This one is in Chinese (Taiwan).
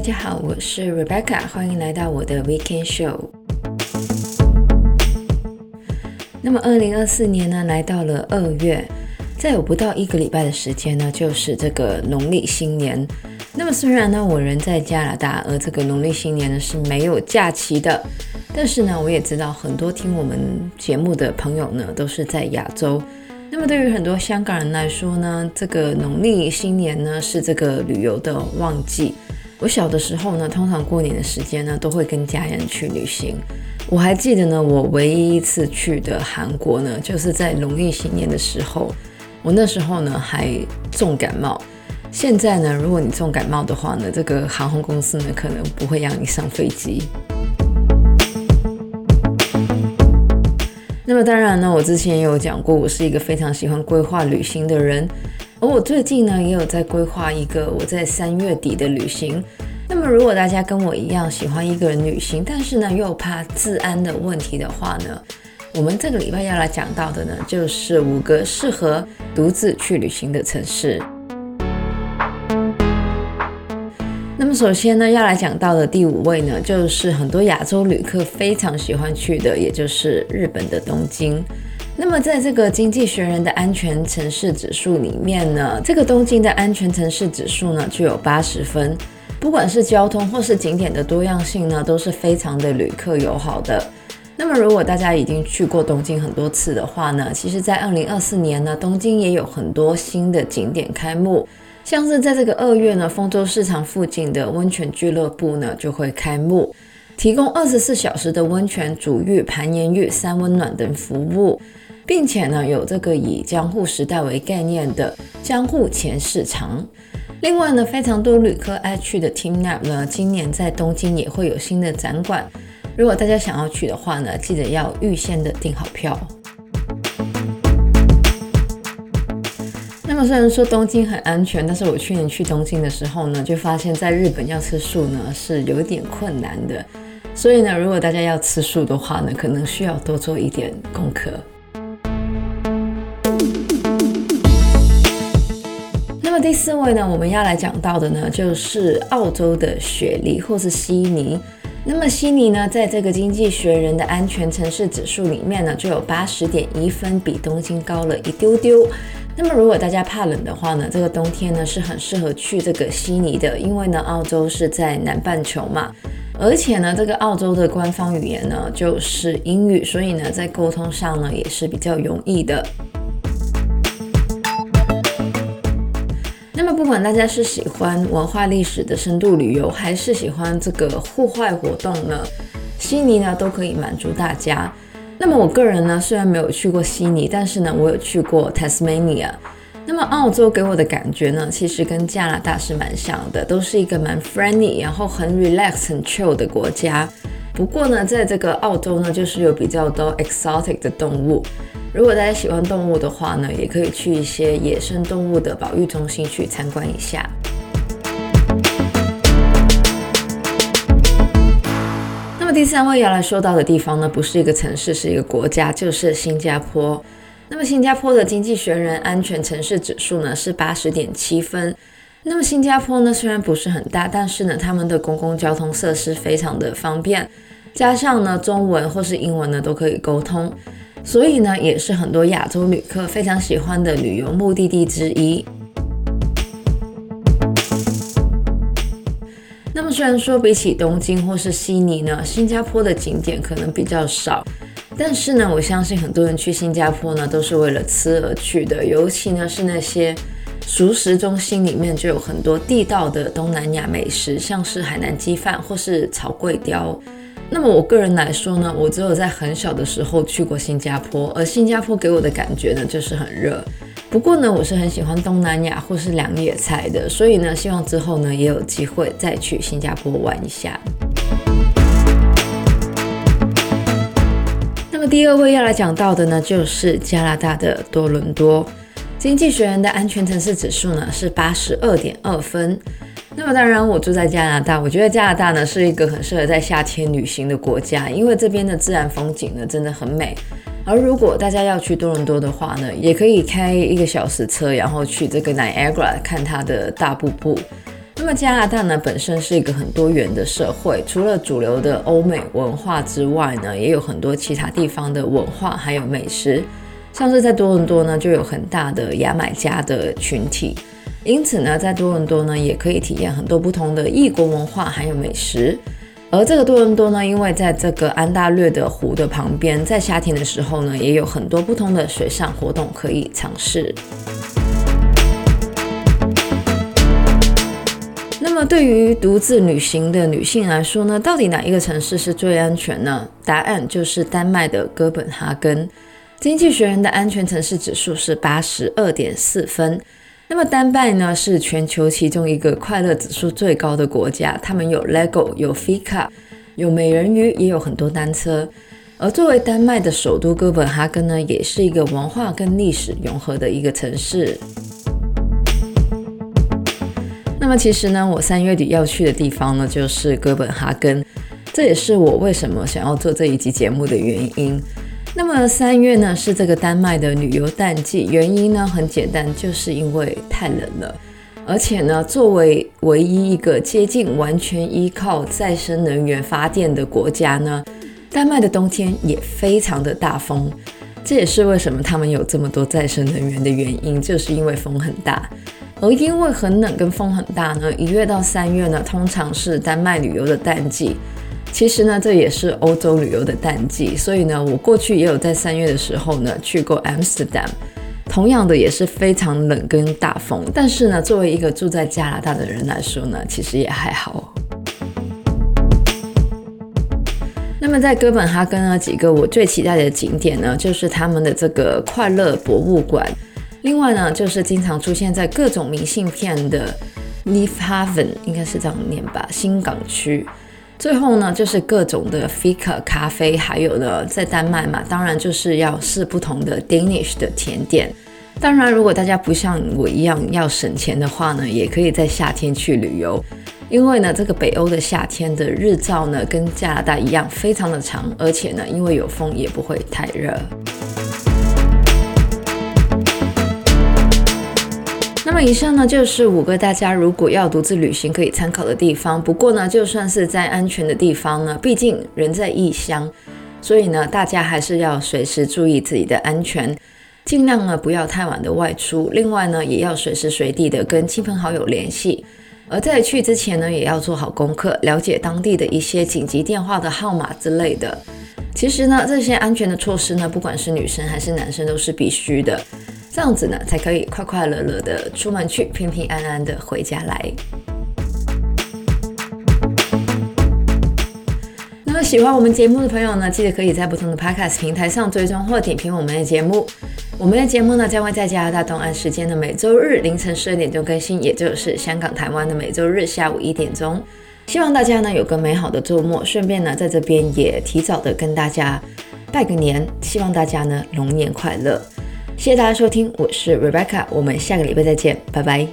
大家好，我是 Rebecca，歡迎來到我的 Weekend Show。那麼，二零二四年呢，來到了二月，再有不到一個禮拜的時間呢，就是這個農曆新年。那麼，雖然呢，我人在加拿大，而這個農曆新年呢是沒有假期的，但是呢，我也知道很多聽我們節目的朋友呢，都是在亞洲。那麼，對於很多香港人來說呢，這個農曆新年呢，是這個旅遊的旺季。我小的時候呢，通常過年的時間呢，都會跟家人去旅行。我還記得呢，我唯一一次去的韓國呢，就是在農曆新年的時候。我那時候呢還重感冒。現在呢，如果你重感冒的話呢，這個航空公司呢可能不會讓你上飛機。那麼當然呢，我之前也有講過，我是一個非常喜歡規劃旅行的人。而、哦、我最近呢，也有在規劃一個我在三月底的旅行。那麼，如果大家跟我一樣喜歡一個人旅行，但是呢又怕治安的問題的話呢，我們這個禮拜要來講到的呢，就是五個適合獨自去旅行的城市。那麼，首先呢要來講到的第五位呢，就是很多亞洲旅客非常喜歡去的，也就是日本的東京。那麼在這個經濟學人的安全城市指數裡面呢，這個東京的安全城市指數呢就有八十分，不管是交通或是景點的多樣性呢，都是非常的旅客友好的。那麼如果大家已經去過東京很多次的話呢，其實，在二零二四年呢，東京也有很多新的景點開幕，像是在這個二月呢，豐洲市場附近的溫泉俱樂部呢就會開幕，提供二十四小時的溫泉足浴、盤岩浴、三溫暖等服務。並且呢，有這個以江戶時代為概念的江戶前市場。另外呢，非常多旅客愛去的 TeamLab 呢，今年在東京也會有新的展館。如果大家想要去的話呢，記得要預先的訂好票。那麼雖然說東京很安全，但是我去年去東京的時候呢，就發現，在日本要吃素呢是有點困難的。所以呢，如果大家要吃素的話呢，可能需要多做一點功課。那第四位呢，我們要來講到的呢，就是澳洲的雪梨或是悉尼。那麼悉尼呢，在這個《經濟學人》的安全城市指數裡面呢，就有八十點一分，比東京高了一丟丢。那麼如果大家怕冷的話呢，這個冬天呢是很適合去這個悉尼的，因為呢，澳洲是在南半球嘛，而且呢，這個澳洲的官方語言呢就是英語，所以呢，在溝通上呢也是比較容易的。不管大家是喜歡文化歷史的深度旅遊，還是喜歡這個戶外活動呢，悉尼呢都可以滿足大家。那麼我個人呢，雖然沒有去過悉尼，但是呢，我有去過 Tasmania。那麼澳洲給我的感覺呢，其實跟加拿大是蠻像的，都是一個蠻 friendly，然後很 relaxed、很 chill 的國家。不過呢，在這個澳洲呢，就是有比較多 exotic 的動物。如果大家喜歡動物的話呢，也可以去一些野生動物的保育中心去參觀一下。那麼第三位要來說到的地方呢，不是一個城市，是一個國家，就是新加坡。那麼新加坡的《經濟學人安全城市指數》呢是八十點七分。那麼新加坡呢雖然不是很大，但是呢他們的公共交通設施非常的方便，加上呢中文或是英文呢都可以溝通。所以呢，也是很多亞洲旅客非常喜歡的旅遊目的地之一。那麼，雖然說比起東京或是悉尼呢，新加坡的景點可能比較少，但是呢，我相信很多人去新加坡呢，都是為了吃而去的。尤其呢，是那些熟食中心裡面就有很多地道的東南亞美食，像是海南雞飯或是炒粿條。那麼我個人來說呢，我只有在很小的時候去過新加坡，而新加坡給我的感覺呢，就是很熱。不過呢，我是很喜歡東南亞或是兩個野菜的，所以呢，希望之後呢也有機會再去新加坡玩一下。那麼第二位要來講到的呢，就是加拿大的多倫多，經濟學人的安全城市指數呢是八十二點二分。那麼當然，我住在加拿大，我覺得加拿大呢是一個很適合在夏天旅行的國家，因為這邊的自然風景呢真的很美。而如果大家要去多倫多的話呢，也可以開一個小時車，然後去這個 Niagara 看它的大瀑布。那麼加拿大呢本身是一個很多元的社會，除了主流的歐美文化之外呢，也有很多其他地方的文化還有美食。像是在多倫多呢，就有很大的牙買加的群體。因此呢，在多倫多呢，也可以體驗很多不同的異國文化還有美食。而這個多倫多呢，因為在這個安大略的湖的旁邊，在夏天的時候呢，也有很多不同的水上活動可以嘗試。 那麼，對於獨自旅行的女性來說呢，到底哪一個城市是最安全呢？答案就是丹麥的哥本哈根。《經濟學人》的安全城市指數是八十二點四分。那麼丹麥呢，是全球其中一個快樂指數最高的國家。他們有 LEGO，有 FIKA，有美人魚，也有很多單車。而作為丹麥的首都哥本哈根呢，也是一個文化跟歷史融合的一個城市。那麼其實呢，我三月底要去的地方呢，就是哥本哈根。這也是我為什麼想要做這一集節目的原因。那麼三月呢，是這個丹麥的旅遊淡季，原因呢很簡單，就是因為太冷了。而且呢，作為唯一一個接近完全依靠再生能源發電的國家呢，丹麥的冬天也非常的大風。這也是為什麼他們有這麼多再生能源的原因，就是因為風很大。而因為很冷跟風很大呢，一月到三月呢，通常是丹麥旅遊的淡季。其實呢，這也是歐洲旅遊的淡季，所以呢，我過去也有在三月的時候呢去過 Amsterdam，同樣的也是非常冷跟大風，但是呢，作為一個住在加拿大的人來說呢，其實也還好。 那麼在哥本哈根呢，幾個我最期待的景點呢，就是他們的這個快樂博物館，另外呢，就是經常出現在各種明信片的 Nyhavn，應該是這樣念吧，新港區。最後呢，就是各種的 Fika 咖啡，還有呢，在丹麥嘛，當然就是要試不同的 Danish 的甜點。當然，如果大家不像我一樣要省錢的話呢，也可以在夏天去旅遊，因為呢，這個北歐的夏天的日照呢，跟加拿大一樣非常的長，而且呢，因為有風，也不會太熱。那麼以上呢，就是五個大家如果要獨自旅行可以參考的地方。不過呢，就算是在安全的地方呢，畢竟人在異鄉，所以呢，大家還是要隨時注意自己的安全，盡量呢，不要太晚的外出。另外呢，也要隨時隨地的跟親朋好友聯繫。而在去之前呢，也要做好功課，了解當地的一些緊急電話的號碼之類的。其實呢，這些安全的措施呢，不管是女生還是男生都是必須的。這樣子呢，才可以快快樂樂的出門去，平平安安的回家來。那麼喜歡我們節目的朋友呢，記得可以在不同的 podcast 平台上追蹤或點評我們的節目。我們的節目呢，將會在加拿大東岸時間的每周日凌晨十二點鐘更新，也就是香港、台灣的每周日下午一點鐘。希望大家呢有個美好的周末，順便呢在這邊也提早的跟大家拜個年，希望大家呢龍年快樂。謝謝大家收聽，我是 Rebecca，我們下個禮拜再見，拜拜。